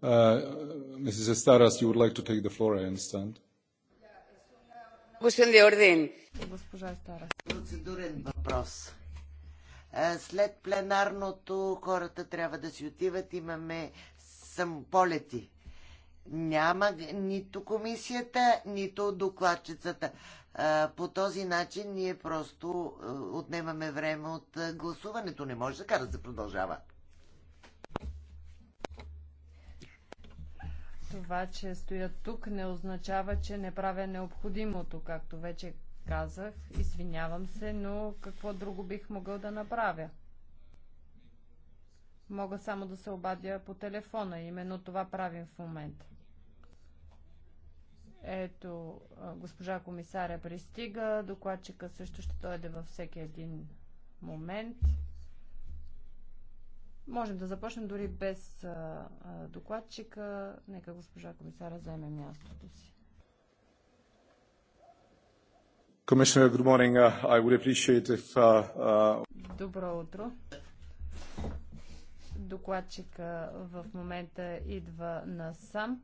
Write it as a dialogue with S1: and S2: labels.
S1: Uh, Mrs. Estaras, you would like to take the floor, I understand.
S2: Процедурен въпрос. Е, след пленарното хората трябва да си отиват. Имаме самополети. Няма нито комисията, нито докладчицата. Е, по този начин ние просто е, отнемаме време от гласуването. Не може да кара да се продължава.
S3: Това, че стоя тук, не означава, че не правя необходимото, както вече казах. Извинявам се, но какво друго бих могъл да направя? Мога само да се обадя по телефона. Именно това правим в момента. Ето, госпожа комисаря пристига, докладчика също ще дойде във всеки един момент. Можем да започнем дори без а, а, докладчика. Нека госпожа комисара заеме мястото си.
S4: good morning. Uh, I would appreciate if... Uh, uh...
S3: Добро утро. Докладчика в момента идва насам.